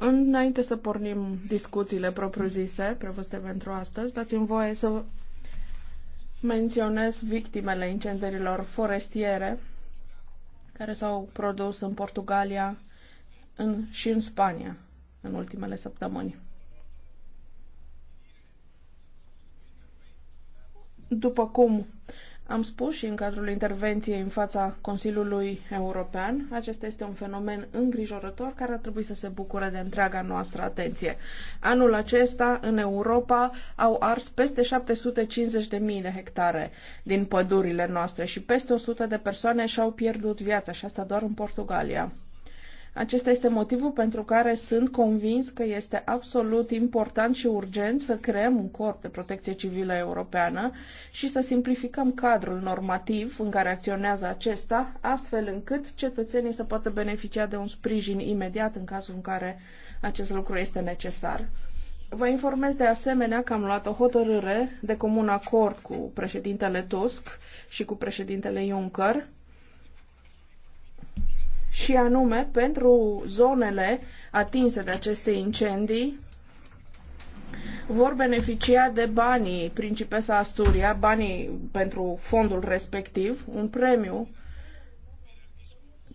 Înainte să pornim discuțiile propriu-zise prevăzute pentru astăzi, dați-mi voie să menționez victimele incendiilor forestiere care s-au produs în Portugalia în, și în Spania în ultimele săptămâni. După cum am spus și în cadrul intervenției în fața Consiliului European, acesta este un fenomen îngrijorător care ar trebui să se bucure de întreaga noastră atenție. Anul acesta, în Europa, au ars peste 750.000 de hectare din pădurile noastre și peste 100 de persoane și-au pierdut viața, și asta doar în Portugalia. Acesta este motivul pentru care sunt convins că este absolut important și urgent să creăm un corp de protecție civilă europeană și să simplificăm cadrul normativ în care acționează acesta, astfel încât cetățenii să poată beneficia de un sprijin imediat în cazul în care acest lucru este necesar. Vă informez de asemenea că am luat o hotărâre de comun acord cu președintele Tusk și cu președintele Juncker și anume pentru zonele atinse de aceste incendii vor beneficia de banii Principesa Asturia, banii pentru fondul respectiv, un premiu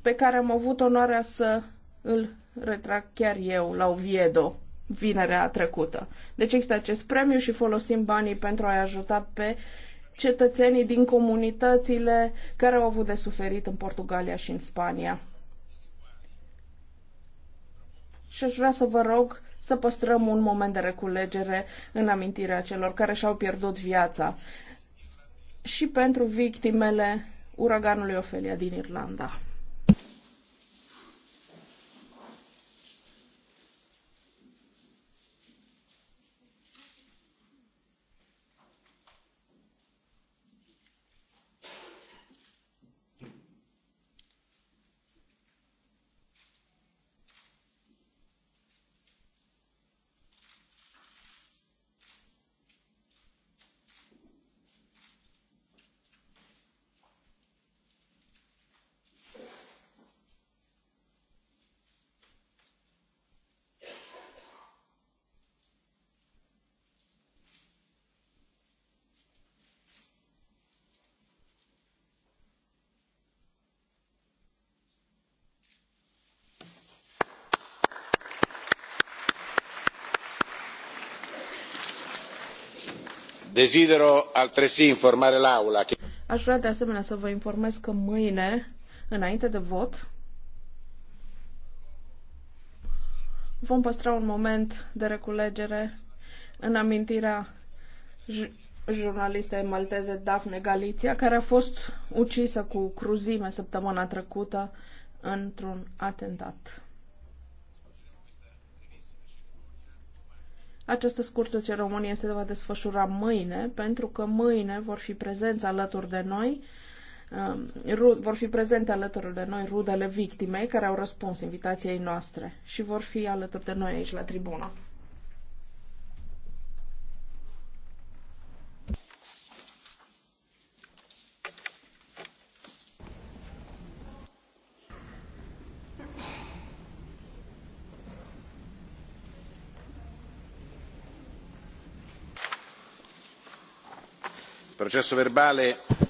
pe care am avut onoarea să îl retrag chiar eu la Oviedo vinerea trecută. Deci există acest premiu și folosim banii pentru a-i ajuta pe cetățenii din comunitățile care au avut de suferit în Portugalia și în Spania și aș vrea să vă rog să păstrăm un moment de reculegere în amintirea celor care și-au pierdut viața și pentru victimele uraganului Ofelia din Irlanda. Desidero altresì informare l'aula che... Aș vrea de asemenea să vă informez că mâine, înainte de vot, vom păstra un moment de reculegere în amintirea jurnalistei malteze Daphne Galizia, care a fost ucisă cu cruzime săptămâna trecută într-un atentat. Această scurtă ceremonie se va desfășura mâine, pentru că mâine vor fi prezenți alături de noi um, vor fi prezente alături de noi rudele victimei care au răspuns invitației noastre și vor fi alături de noi aici la tribună. procesul verbal